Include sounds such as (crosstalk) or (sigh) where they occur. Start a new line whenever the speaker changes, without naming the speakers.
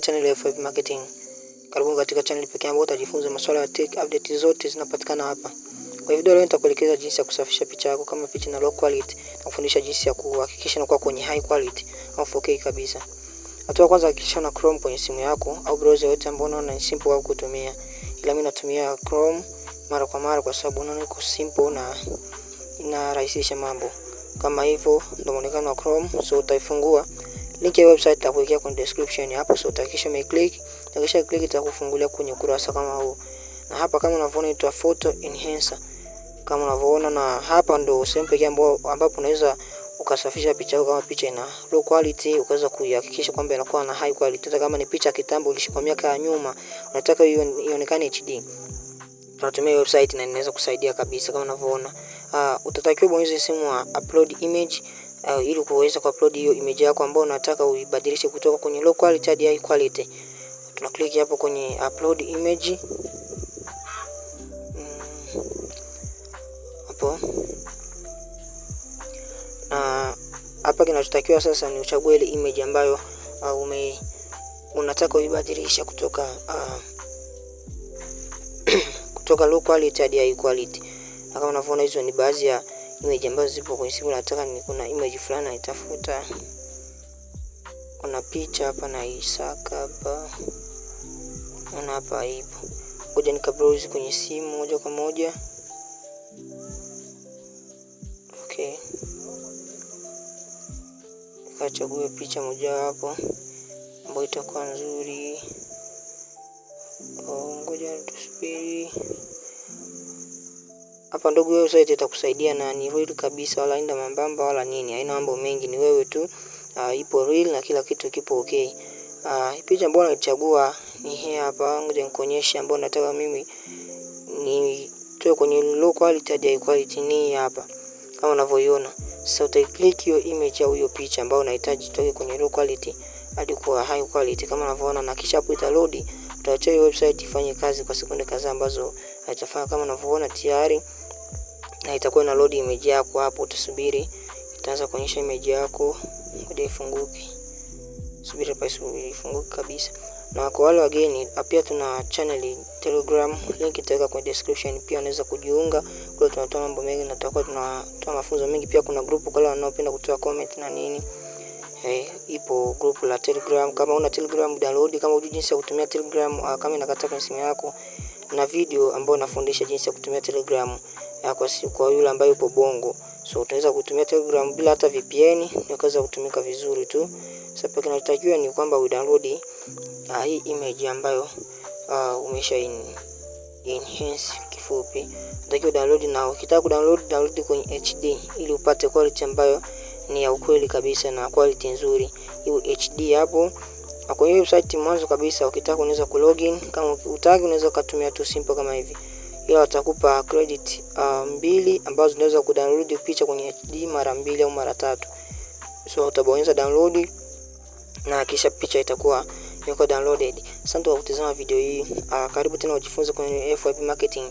Channel ya FF Marketing. Karibu katika channel pekee ambayo utajifunza masuala ya tech, update zote zinapatikana hapa. Kwa video leo nitakuelekeza jinsi ya kusafisha picha yako kama picha na low quality na kufundisha jinsi ya kuhakikisha inakuwa kwenye high quality au 4K kabisa. Hatua kwanza, hakikisha na Chrome kwenye simu yako au browser yote ambayo unaona ni simple au kutumia. Ila mimi natumia Chrome mara kwa mara kwa sababu unaona iko simple na inarahisisha mambo. Kama hivyo ndio muonekano wa Chrome, so utaifungua Link ya website nitakuwekea kwenye description hapo, so utakisha me click, utakisha click itakufungulia kwenye kurasa kama huu, na hapa kama unavyoona inaitwa photo enhancer kama unavyoona, na hapa ndo sehemu pekee ambapo ambapo unaweza ukasafisha picha yako. Kama picha ina low quality, ukaweza kuhakikisha kwamba inakuwa na high quality. Hata kama ni picha ya kitambo ulishika miaka ya nyuma, unataka ionekane HD, unatumia website na inaweza kusaidia kabisa. Kama unavyoona, uh, utatakiwa bonyeza simu wa upload image uh, ili kuweza kuupload hiyo image yako ambayo unataka uibadilishe kutoka kwenye low quality hadi high quality. Tuna click hapo kwenye upload image mm. hapo mm. Na hapa kinachotakiwa sasa ni uchague ile image ambayo uh, ume unataka uibadilisha kutoka uh, (clears throat) kutoka low quality hadi high quality, na kama unavyoona hizo ni baadhi ya image ambazo zipo kwenye simu. Nataka ni kuna image fulani naitafuta, kuna picha hapa na isaka hapa, ona hapa ipo. Ngoja browse kwenye simu moja kwa moja. Okay, nikachagua picha mojawapo ambayo itakuwa nzuri. Oh, ngoja tusubiri. Hapa ndugu, wewe sote itakusaidia na ni real kabisa, wala inda mambamba wala nini, haina mambo mengi, ni wewe tu. Uh, ipo real na kila kitu kipo okay. Uh, picha ambayo nachagua ni hii hapa, ngoja nikuonyeshe, ambayo nataka mimi ni toe kwenye low quality hadi high quality, ni hapa kama unavyoiona. Sasa So, utaclick hiyo image au hiyo picha ambayo unahitaji toke kwenye low quality hadi kwa high quality kama unavyoona, na kisha hapo italodi, utaacha hiyo website ifanye kazi kwa sekunde kadhaa ambazo haitafanya kama unavyoona tayari na itakuwa na load image yako hapo. Utasubiri itaanza kuonyesha image yako, hadi ifunguke, subiri hapa ifunguke kabisa. Na kwa wale wageni pia tuna channel Telegram, link itaweka kwenye description. Pia unaweza kujiunga kule, tunatoa mambo mengi na tutakuwa tunatoa mafunzo mengi. Pia kuna group kwa wale wanaopenda kutoa comment na nini Hey, eh, ipo group la Telegram. Kama una Telegram download, kama hujui jinsi ya kutumia Telegram, ah, kama inakata kwenye simu yako, na video ambayo nafundisha jinsi ya kutumia Telegram kwa si, kwa yule ambaye yupo Bongo. So utaweza kutumia Telegram bila hata VPN, nikaweza kutumika vizuri tu. Sasa so, pekee kinachotakiwa ni kwamba u udownload ah, hii image ambayo uh, umesha in, enhance kifupi, unatakiwa download, na ukitaka kudownload download kwenye HD ili upate quality ambayo ni ya ukweli kabisa na quality nzuri hiyo HD hapo Na kwenye website mwanzo kabisa. Ukitaka unaweza kulogin, kama utaki unaweza kutumia tu simple kama hivi ila watakupa credit uh, mbili ambazo unaweza kudownload picha kwenye HD mara mbili au mara tatu. So utabonyeza download na kisha picha itakuwa imekuwa downloaded. Asante kwa kutazama video hii. Uh, karibu tena ujifunze kwenye FYP marketing.